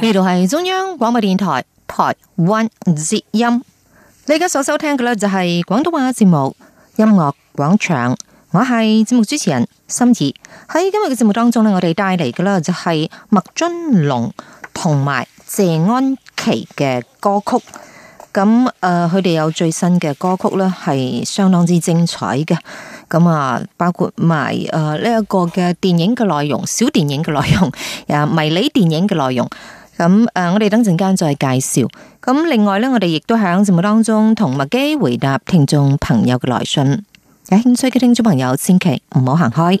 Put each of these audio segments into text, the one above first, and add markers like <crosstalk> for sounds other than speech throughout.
呢度係中央廣播電台台灣之音，你而家所收聽嘅咧就係廣東話節目《音樂廣場》，我係節目主持人心儀。喺今日嘅節目當中咧，我哋帶嚟嘅呢，就係麥浚龍同埋謝安琪嘅歌曲。咁誒，佢哋有最新嘅歌曲咧，係相當之精彩嘅。咁啊，包括埋誒呢一個嘅電影嘅內容，小電影嘅內容，迷你電影嘅內容。咁誒，我哋等陣間再介紹。咁另外咧，我哋亦都喺節目當中同麥基回答聽眾朋友嘅來信。有興趣嘅聽眾朋友，千祈唔好行開。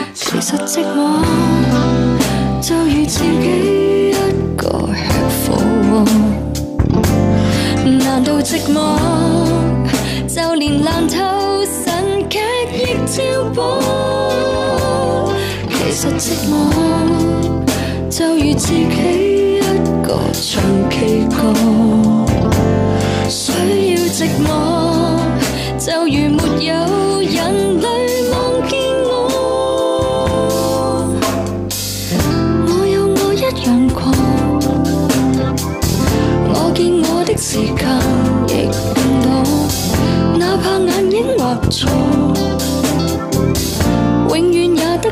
其實寂寞就如自己一個吃火鍋，難道寂寞就連爛透神劇亦照搬？其實寂寞就如自己一個唱 K 歌，需要寂寞就如。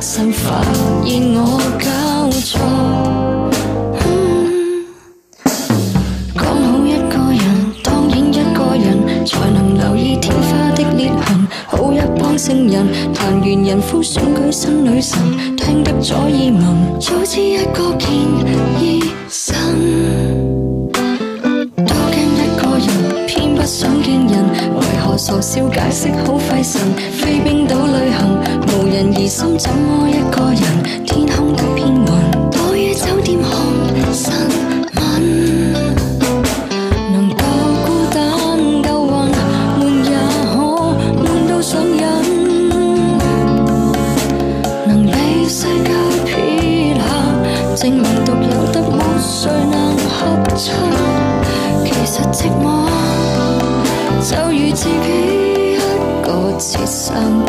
神發現我搞錯、嗯。講好一個人，當然一個人，才能留意天花的裂痕。好一幫聖人，談完人夫選舉新女神，聽得左耳聞。早知一個見醫生，多驚一個人，偏不想見人。為何傻笑解釋好費神？飛冰島旅行。人而心，怎麼一個人？天空都片雲，躲於酒店看新聞，能夠孤單夠混，悶也可悶到上癮，能被世界撇下，證明獨有得，沒誰能合襯。其實寂寞，就如自己一個切身。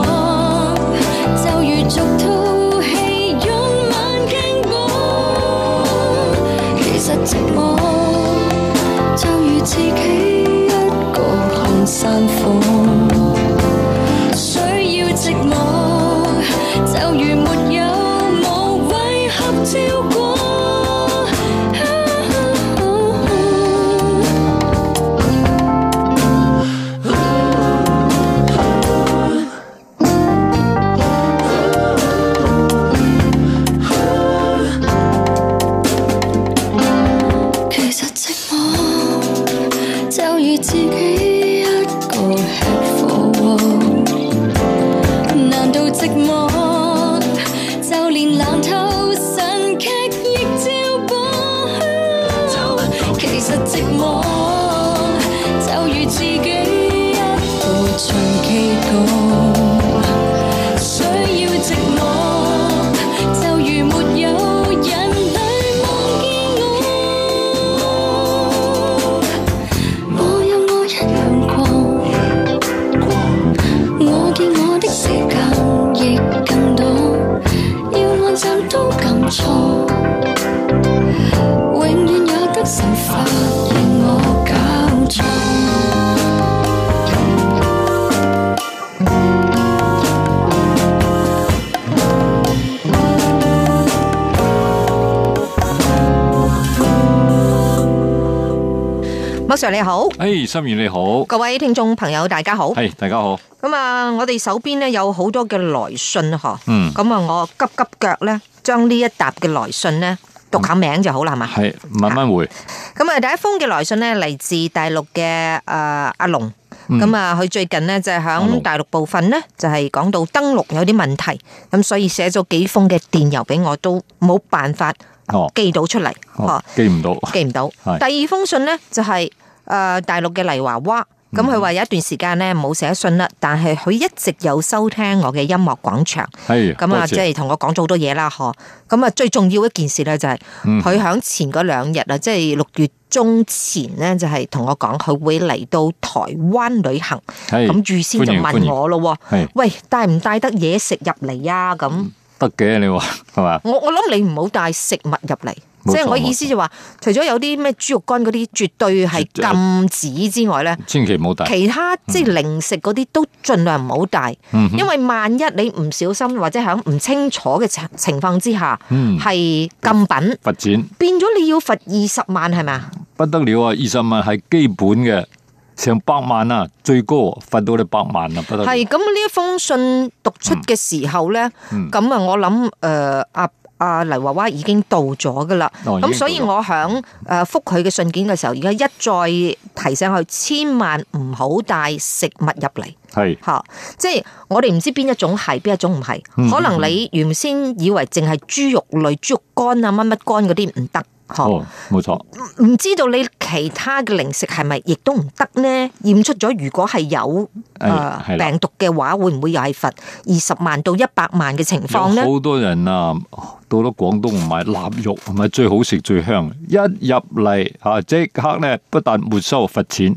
寂寞，就如自己一部唱 K 歌。你好，誒，心如你好，各位聽眾朋友大家好，係大家好。咁啊，我哋手邊咧有好多嘅來信嗬，嗯，咁啊，我急急腳咧，將呢一沓嘅來信咧讀下名就好啦，係嘛，係慢慢回。咁啊，第一封嘅來信咧嚟自大陸嘅誒阿龍，咁啊，佢最近咧就喺大陸部分咧就係講到登錄有啲問題，咁所以寫咗幾封嘅電郵俾我都冇辦法哦寄到出嚟，哦寄唔到，寄唔到。第二封信咧就係。誒大陸嘅黎娃娃，咁佢話有一段時間咧冇寫信啦，但係佢一直有收聽我嘅音樂廣場，咁啊即係同我講咗好多嘢啦，嗬。咁啊最重要一件事咧就係佢響前嗰兩日啊，即係六月中前咧就係同我講佢會嚟到台灣旅行，咁預先就問我咯，喂，帶唔帶得嘢食入嚟啊？咁得嘅你話係嘛？我我諗你唔好帶食物入嚟。即係我意思就話，除咗有啲咩豬肉乾嗰啲絕對係禁止之外咧，千祈唔好帶。其他即係零食嗰啲都盡量唔好帶，因為萬一你唔小心或者喺唔清楚嘅情況之下，係禁品，罰錢變咗你要罰二十萬係咪啊？不得了啊！二十萬係基本嘅，成百萬啊，最高罰到你百萬啊，不得了。係咁呢一封信讀出嘅時候咧，咁啊，我諗誒阿。啊黎娃娃已經到咗噶啦，咁、哦、所以我響誒覆佢嘅信件嘅時候，而家一再提醒佢，千萬唔好帶食物入嚟。係吓，即係我哋唔知邊一種係邊一種唔係，嗯，可能你原先以為淨係豬肉類、豬肉乾啊、乜乜乾嗰啲唔得，哦，冇錯，唔知道你其他嘅零食係咪亦都唔得呢？驗出咗，如果係有誒、呃、病毒嘅話，會唔會又係罰二十萬到一百萬嘅情況呢？好多人啊，到咗廣東買臘肉，係咪最好食最香，一入嚟吓，即刻呢，不但沒收罰錢。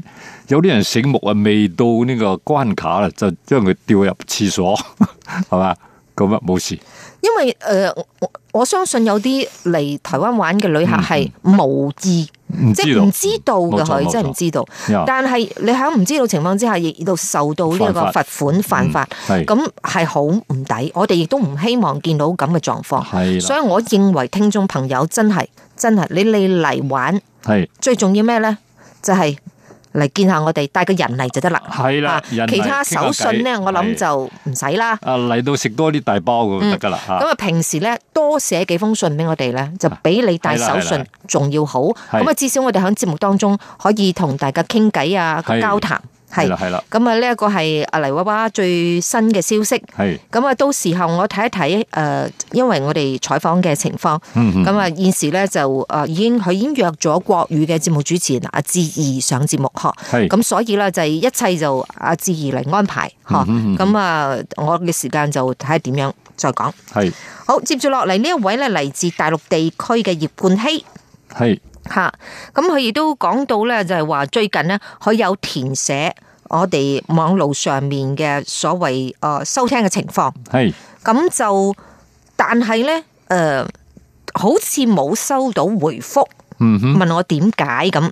有啲人醒目啊，未到呢個關卡啦，就將佢掉入廁所，係嘛咁啊冇事。因為誒、呃，我相信有啲嚟台灣玩嘅旅客係無意，即係唔知道嘅，佢真係唔知道。但係你響唔知道,、嗯、知道,知道情況之下，亦都受到呢個罰款犯法，係咁係好唔抵。我哋亦都唔希望見到咁嘅狀況。係，所以我認為聽眾朋友真係真係，你你嚟玩係最重要咩咧？就係、是。嚟見下我哋，帶個人嚟就得啦。係、啊、啦，其他手信咧，我諗就唔使啦。啊，嚟到食多啲大包咁得噶啦。咁、嗯、啊，平時咧多寫幾封信俾我哋咧，就比你帶手信仲、啊、要好。咁啊，至少我哋喺節目當中可以同大家傾偈啊，交談。係啦，係啦。咁啊，呢一個係阿黎娃娃最新嘅消息。係。咁啊，到時候我睇一睇誒、呃，因為我哋採訪嘅情況。嗯嗯。咁啊，現時咧就誒，已經佢已經約咗國語嘅節目主持人阿、啊、志怡上節目呵。係。咁所以咧就係、是、一切就阿、啊、志怡嚟安排。嗯咁啊，我嘅時間就睇下點樣再講。係。好，接住落嚟呢一位咧嚟自大陸地區嘅葉冠希。係。吓，咁佢亦都講到咧，就係話最近咧，佢有填寫我哋網絡上面嘅所謂誒收聽嘅情況，係咁就，但係咧誒，好似冇收到回覆，嗯，問我點解咁，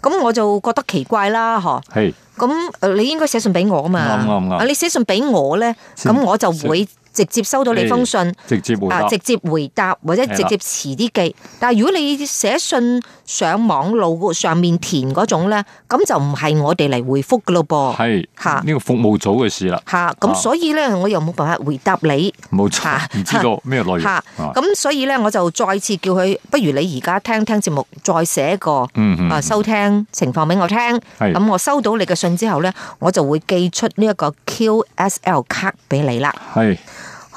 咁我就覺得奇怪啦，嗬，係，咁誒，你應該寫信俾我啊嘛，啱啱啱，你寫信俾我咧，咁我就會。直接收到你封信，哎，直接回答、啊、直接回答或者直接遲啲寄。但係如果你寫信上網路上面填嗰種咧，咁就唔係我哋嚟回覆噶咯噃。係吓呢個服務組嘅事啦。吓、啊、咁、啊、所以咧、啊，我又冇辦法回答你。冇錯。唔、啊、知道咩內容。吓、啊、咁、啊啊、所以咧，我就再次叫佢，不如你而家聽聽節目，再寫個、嗯嗯、啊收聽情況俾我聽。係。咁、啊、我收到你嘅信之後咧，我就會寄出呢一個 QSL 卡俾你啦。係。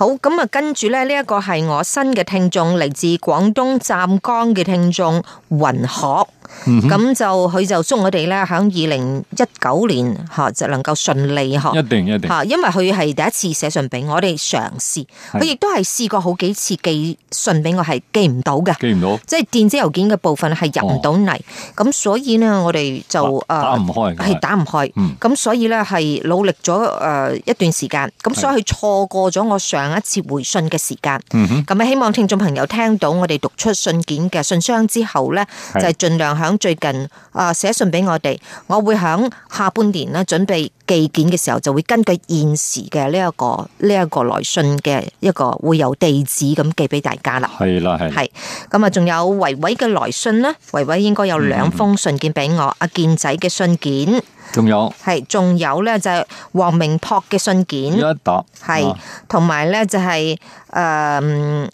好，咁啊，跟住咧，呢一個係我新嘅聽眾，嚟自廣東湛江嘅聽眾雲鶴。咁、mm -hmm. 就佢就祝我哋咧喺二零一九年吓、啊、就能夠順利吓、啊，一定一定吓、啊，因為佢係第一次寫信俾我哋嘗試，佢亦都係試過好幾次寄信俾我係寄唔到嘅，寄唔到，即係、就是、電子郵件嘅部分係入唔到嚟，咁所以呢，我哋就誒、呃、打唔開，開，係打唔開，咁所以咧係努力咗誒、呃、一段時間，咁所以佢錯過咗我上一次回信嘅時間，咁啊希望聽眾朋友聽到我哋讀出信件嘅信箱之後咧就係、是、盡量。響最近啊，寫信俾我哋，我會響下半年咧準備。寄件嘅時候就會根據現時嘅呢一個呢一、這個來信嘅一個會有地址咁寄俾大家啦。係啦係。係咁啊，仲有維維嘅來信啦？維維應該有兩封信件俾我、嗯。阿健仔嘅信件，仲有係仲有咧就係、是、黃明博嘅信件，一個啊，係，同埋咧就係、是、誒、呃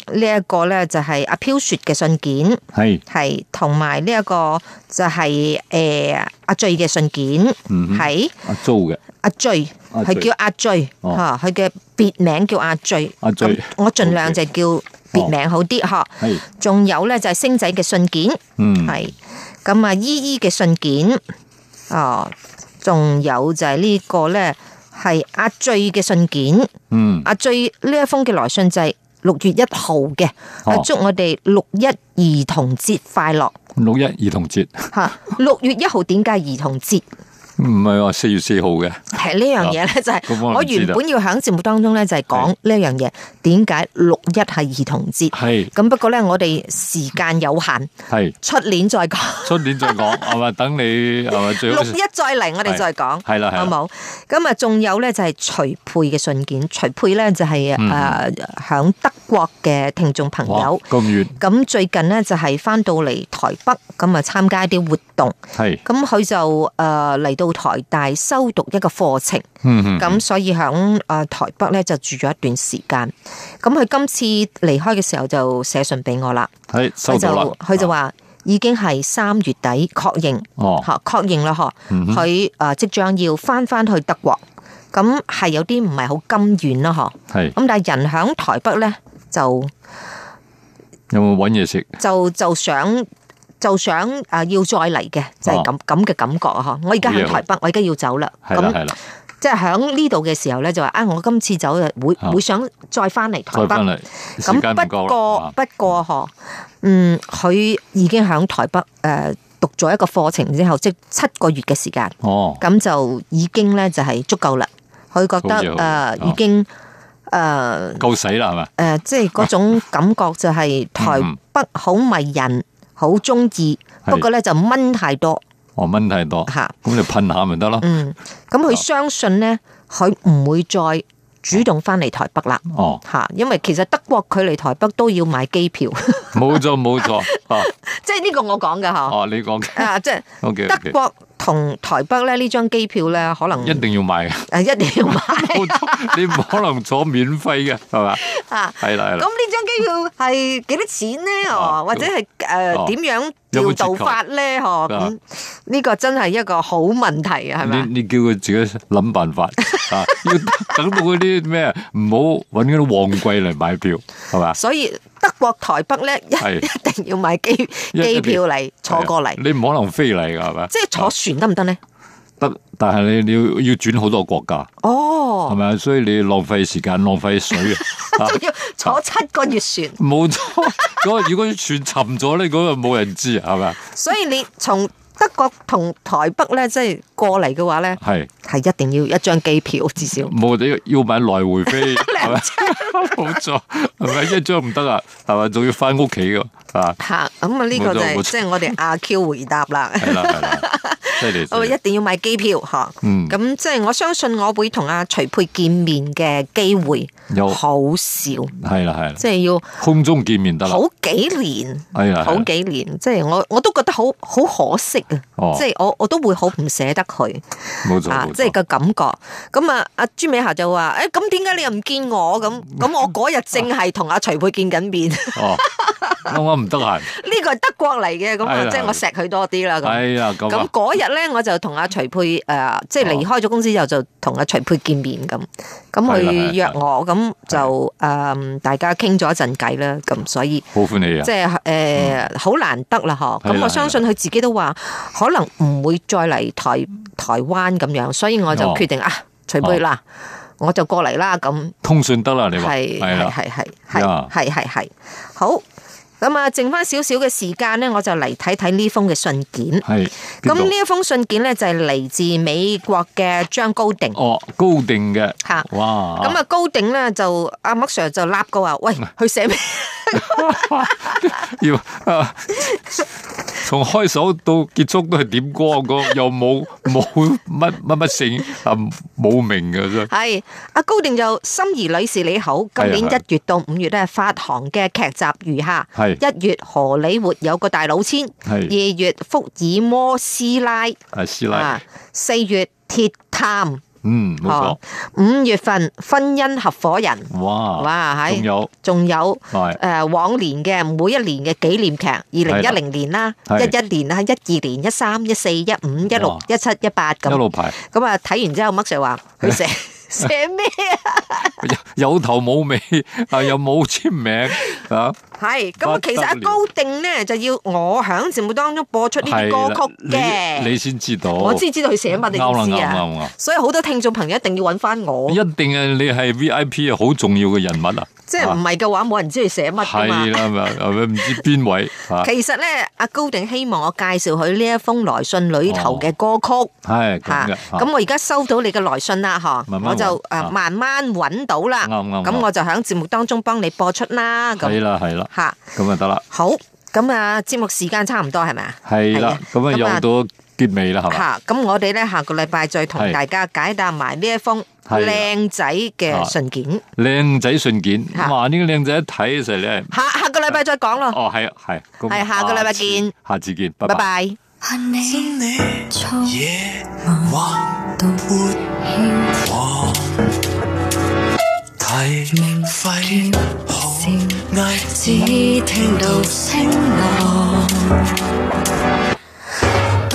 這個、呢一個咧就係、是、阿飄雪嘅信件，係係同埋呢一個就係、是、誒。呃阿醉嘅信件，係阿租嘅，阿醉，佢叫阿醉，吓佢嘅別名叫阿醉，阿醉，我盡量就叫別名好啲，吓，係，仲有咧就係星仔嘅信件，嗯，係，咁啊姨姨嘅信件，哦，仲有就係呢個咧係阿醉嘅信件，嗯，阿醉呢一封嘅來信就係六月一號嘅，我祝我哋六一兒童節快樂。六一兒童節，六 <laughs> 月一號點解兒童節？唔係話四月四號嘅，係呢樣嘢咧就係我原本要響節目當中咧就係講呢樣嘢，點解六一係兒童節？係咁不過咧，我哋時間有限，係出年再講，出年再講，係咪 <laughs> 等你係咪最好？六一再嚟，我哋再講，係啦，係好冇？咁啊，仲有咧就係徐沛嘅信件，徐沛咧就係誒響德國嘅聽眾朋友咁遠。咁最近咧就係翻到嚟台北，咁啊參加一啲活動，係咁佢就誒嚟、呃、到。到台大修讀一個課程，咁所以喺誒台北咧就住咗一段時間。咁佢今次離開嘅時候就寫信俾我啦，佢就佢就話已經係三月底確認，吓、哦、確認啦，吓佢誒即將要翻翻去德國，咁係有啲唔係好甘願啦，吓。係咁但係人喺台北咧就有冇搵嘢食？就有有就，就想。就想啊，要再嚟嘅，就係咁咁嘅感覺啊！嗬，我而家喺台北，哦、我而家要走啦。係係啦，即係喺呢度嘅時候咧，就話啊、哎，我今次走嘅會、哦、會想再翻嚟台北。再嚟，時間唔夠啦。不過不過，嗬、啊，嗯，佢已經喺台北誒、呃、讀咗一個課程之後，即、就、係、是、七個月嘅時間。哦，咁就已經咧就係足夠啦。佢覺得誒已經誒夠死啦，係、呃、嘛？誒，即係嗰種感覺就係台北好迷人。嗯。好中意，不過咧就蚊太多。哦，蚊太多。吓，咁你噴下咪得咯。嗯，咁佢相信咧，佢、哦、唔會再主動翻嚟台北啦。哦，吓，因為其實德國佢距離台北都要買機票。冇、哦、錯，冇 <laughs> 錯。即係呢個我講㗎吓。哦，你講嘅。啊，即係。O K。德國、okay。Okay. 同台北咧呢張機票咧，可能一定要買的啊！一定要買的， <laughs> <laughs> 你唔可能坐免費嘅，係嘛？啊，係啦，係啦。咁呢張機票係幾多錢咧？哦、啊，或者係誒點樣？要做法咧，嗬，呢個真係一個好問題啊，係咪？你叫佢自己諗辦法 <laughs> 啊，要等到嗰啲咩唔好揾嗰啲旺季嚟買票，係嘛？所以德國台北咧，係一,一定要買機機票嚟坐過嚟，你唔可能飛嚟噶，係嘛？即係坐船得唔得咧？得，但係你你要要轉好多國家，哦，係咪啊？所以你浪費時間，浪費水，仲 <laughs> 要坐七個月船。冇 <laughs> 錯，如果船沉咗咧，嗰個冇人知，係咪啊？所以你從。德國同台北咧，即、就、係、是、過嚟嘅話咧，係係一定要一張機票，至少，冇，你要買來回飛，好 <laughs> 不是 <laughs> <laughs> 沒錯，係 <laughs> 咪一張唔得啊？係咪？仲要翻屋企噶，係吓，咁啊，呢、這個就即、是、係、就是、我哋阿 Q 回答啦，係 <laughs> 啦，係啦，我一定要買機票吓，咁即係我相信我會同阿徐佩見面嘅機會好少，係啦，係啦，即係、就是、要空中見面得啦，好幾年，係好幾年，即、就、係、是、我我都覺得好好可惜。嗯哦、即係我我都會好唔捨得佢、啊，即係個感覺。咁啊，阿、啊、朱美霞就話，誒、哎，咁點解你又唔見我？咁、嗯、咁、嗯嗯、我嗰日正係同阿徐佩見緊面。哦，我唔得閒。呢、嗯這個係德國嚟嘅，咁即係我錫佢多啲啦。咁嗰日咧，我就同阿、啊、徐佩誒、呃哎，即係離開咗公司之、啊、後，就同阿、啊、徐佩見面咁，咁佢約我，咁就誒，大家傾咗一陣偈啦。咁所以好歡喜啊！即係誒，好難得啦，嗬。咁我相信佢自己都話。可能唔會再嚟台台灣咁樣，所以我就決定、哦、啊，徐貝啦、哦，我就過嚟啦咁。通訊得啦，你話係係係係係係係係好。咁啊，剩返少少嘅時間咧，我就嚟睇睇呢封嘅信件。係。咁呢一封信件咧就係、是、嚟自美國嘅張高定。哦，高定嘅。吓。哇。咁啊，高定咧就阿麥 Sir 就笠高話，喂，去寫咩？ <laughs> 要啊，從開首到結束都係點歌個，又冇冇乜乜乜姓啊，冇名嘅真係。阿高定就心儀女士你好，今年一月到五月咧，發行嘅劇集如下：係一月《荷里活有個大老千》，係二月《福爾摩斯拉》，係師拉，四月《鐵探》。嗯，冇錯。五月份婚姻合伙人，哇哇喺，仲有誒、呃、往年嘅每一年嘅紀念劇，二零一零年啦，一一年啦，一二年，一三，一四，一五，一六，一七，一八咁一路排。咁啊睇完之後，麥 Sir 就話佢寫。 <laughs> 寫咩 <laughs> <laughs> 啊？有頭冇尾，啊又冇簽名，係係，咁其實阿高定咧就要我響節目當中播出呢啲歌曲嘅，你先知道，我先知道佢寫乜嘢。所以好多聽眾朋友一定要揾翻我，一定啊，你係 VIP 啊，好重要嘅人物啊。即係唔係嘅話，冇人知佢寫乜噶嘛，係啦，係咪？唔知邊位？其實呢，阿高定希望我介紹佢呢一封來信裏頭嘅歌曲，係咁嘅。咁我而家收到你嘅來信啦，嗬，我就誒慢慢揾到啦。啱唔啱？咁我就喺節目當中幫你播出啦。係啦，係啦。吓，咁就得啦。好，咁啊節目時間差唔多係咪啊？係啦，咁啊用到。結尾啦，係咪？吓，咁我哋咧下個禮拜再同大家解答埋呢一封靚仔嘅信件。靚仔信件，哇！呢個靚仔睇起上嚟，吓，下個禮拜再講咯。哦，係啊，係，係下個禮拜見，下次見，拜拜。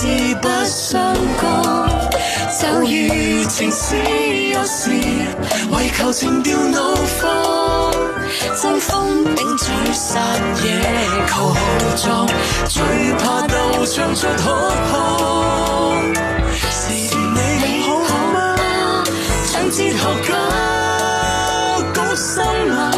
事不相干，就如情詩有時為求情調怒放，將風景吹散，野求豪壯，最怕斗唱出可怕。是你幾好嗎？像哲學家？高深啊！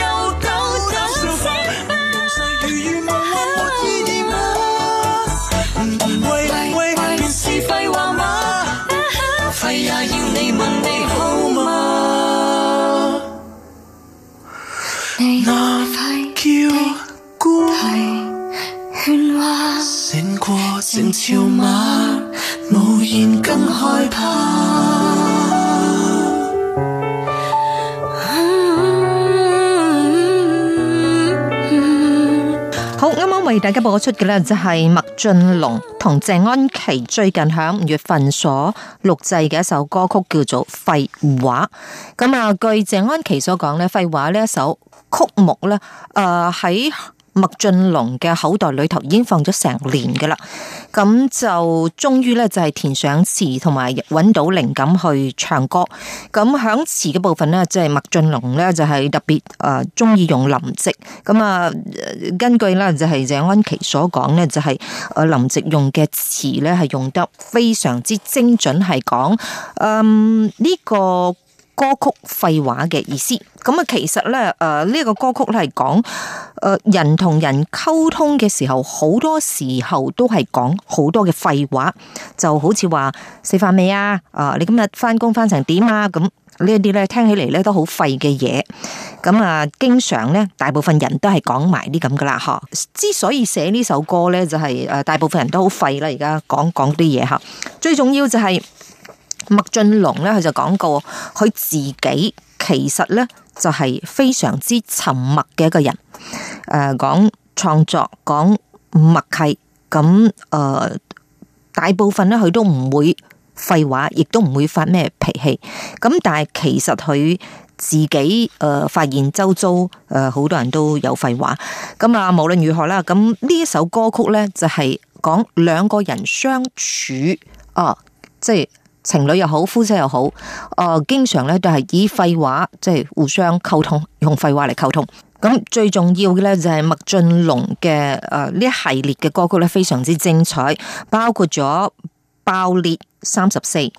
無言更害怕。好啱啱為大家播出嘅咧，就係麥浚龍同謝安琪最近喺五月份所錄製嘅一首歌曲，叫做《廢話》。咁啊，據謝安琪所講咧，《廢話》呢一首曲目咧，誒喺。麥浚龍嘅口袋裏頭已經放咗成年嘅啦，咁就終於咧就係填上詞，同埋揾到靈感去唱歌。咁響詞嘅部分咧，即、就、係、是、麥浚龍咧就係、是、特別誒中意用林夕。咁啊、呃，根據咧就係謝安琪所講咧，就係、是、誒、就是、林夕用嘅詞咧係用得非常之精準，係講呢個。歌曲廢話嘅意思，咁啊，其實咧，誒，呢個歌曲咧係講，誒，人同人溝通嘅時候，好多時候都係講好多嘅廢話，就好似話食飯未啊，啊，你今日返工返成點啊，咁呢一啲咧，聽起嚟咧都好廢嘅嘢，咁啊，經常咧，大部分人都係講埋啲咁噶啦，嗬。之所以寫呢首歌咧，就係誒，大部分人都好廢啦，而家講講啲嘢，吓，最重要就係、是。麥浚龍咧，佢就講過，佢自己其實咧就係、是、非常之沉默嘅一個人。誒、呃，講創作，講默契，咁誒、呃，大部分咧佢都唔會廢話，亦都唔會發咩脾氣。咁但係其實佢自己誒、呃、發現周遭誒好、呃、多人都有廢話。咁啊，無論如何啦，咁呢一首歌曲咧就係講兩個人相處啊，即係。情侶又好，夫妻又好，誒、呃，經常咧都係以廢話即係、就是、互相溝通，用廢話嚟溝通。咁最重要嘅咧就係、是、麥浚龍嘅誒呢一系列嘅歌曲咧非常之精彩，包括咗《爆裂三十四》《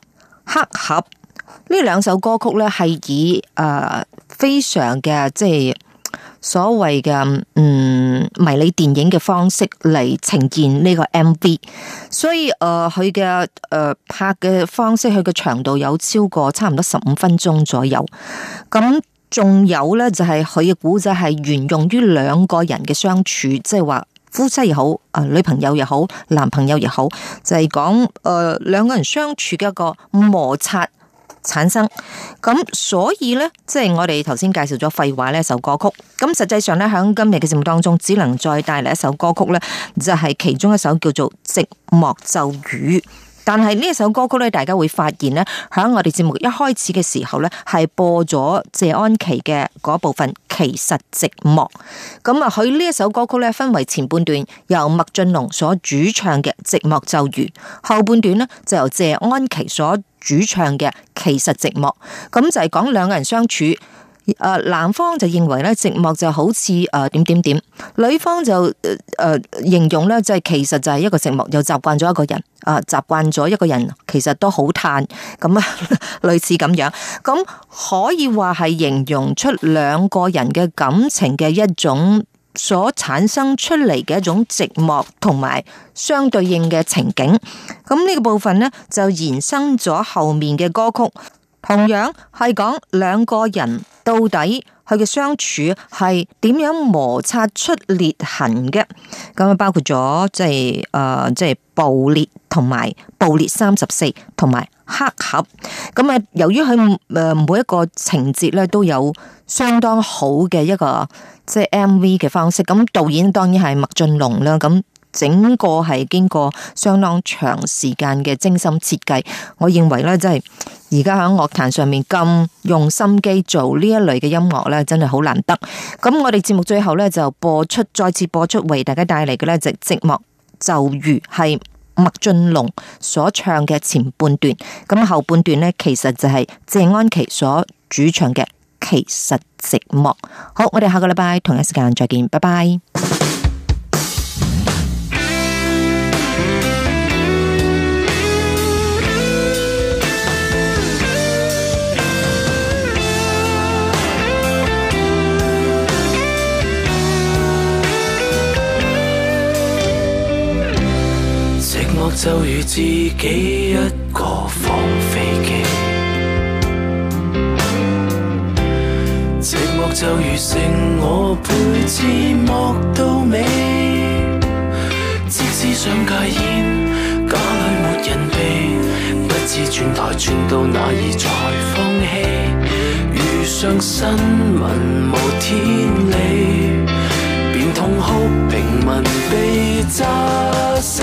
黑盒》呢兩首歌曲咧係以誒、呃、非常嘅即係。就是所謂嘅嗯迷你電影嘅方式嚟呈現呢個 MV，所以誒佢嘅誒拍嘅方式，佢嘅長度有超過差唔多十五分鐘左右那還。咁仲有咧就係佢嘅故仔係沿用於兩個人嘅相處，即係話夫妻又好，啊、呃、女朋友又好，男朋友又好就是說，就係講誒兩個人相處嘅一個摩擦。產生咁，所以呢，即係我哋頭先介紹咗廢話呢一首歌曲。咁實際上呢，喺今日嘅節目當中，只能再帶嚟一首歌曲呢就係其中一首叫做《寂寞咒語》。但係呢一首歌曲呢，大家會發現呢，喺我哋節目一開始嘅時候呢，係播咗謝安琪嘅嗰部分，其實寂寞。咁啊，佢呢一首歌曲呢，分為前半段由麥浚龍所主唱嘅《寂寞咒語》，後半段呢，就由謝安琪所。主唱嘅其實寂寞，咁就係講兩個人相處，誒男方就認為咧寂寞就好似誒、呃、點點點，女方就誒、呃、形容咧即係、是、其實就係一個寂寞，又習慣咗一個人，啊習慣咗一個人其實都好嘆，咁啊類似咁樣，咁可以話係形容出兩個人嘅感情嘅一種。所產生出嚟嘅一種寂寞同埋相對應嘅情景，咁呢個部分咧就延伸咗後面嘅歌曲，同樣係講兩個人到底佢嘅相處係點樣摩擦出裂痕嘅，咁啊包括咗即係誒即係暴裂。同埋《暴裂三十四》，同埋《黑盒》咁啊。由於佢誒每一個情節咧都有相當好嘅一個即係 MV 嘅方式，咁導演當然係麥浚龍啦。咁整個係經過相當長時間嘅精心設計，我認為咧真係而家喺樂壇上面咁用心機做呢一類嘅音樂咧，真係好難得。咁我哋節目最後咧就播出，再次播出，為大家帶嚟嘅咧，寂、就係、寂寞就如係。麥浚龍所唱嘅前半段，咁後半段呢，其實就係謝安琪所主唱嘅《其實寂寞》。好，我哋下個禮拜同一時間再見，拜拜。就如自己一個放飛機，寂寞就如剩我陪寂寞到尾。即使想戒煙，家裏沒人陪，不知轉台轉到哪兒才放棄。遇上新聞無天理，便痛哭平民被炸死。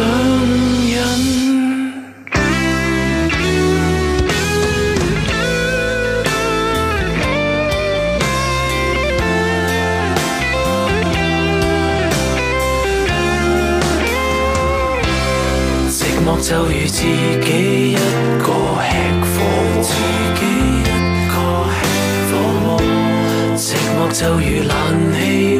上癮，寂寞就如自己一個吃火鍋，寂寞就如冷氣。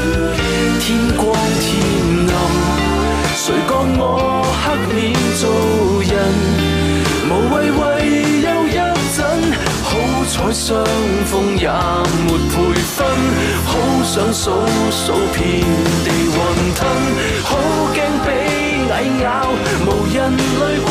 天光天暗，誰講我黑臉做人？無謂為憂一陣，好彩相逢也沒陪分。好想數數遍地雲吞，好驚被蟻咬，無人淚痕。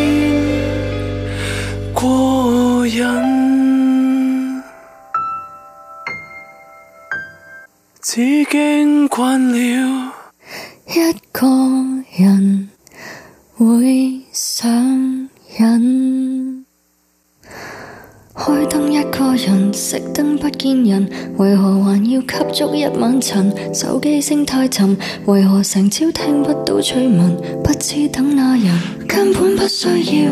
過癮，只驚慣了一個人會上癮。開燈一個人，熄燈不見人，為何還要吸足一晚塵？手機聲太沉，為何成朝聽不到趣聞？不知等哪人，根本不需要。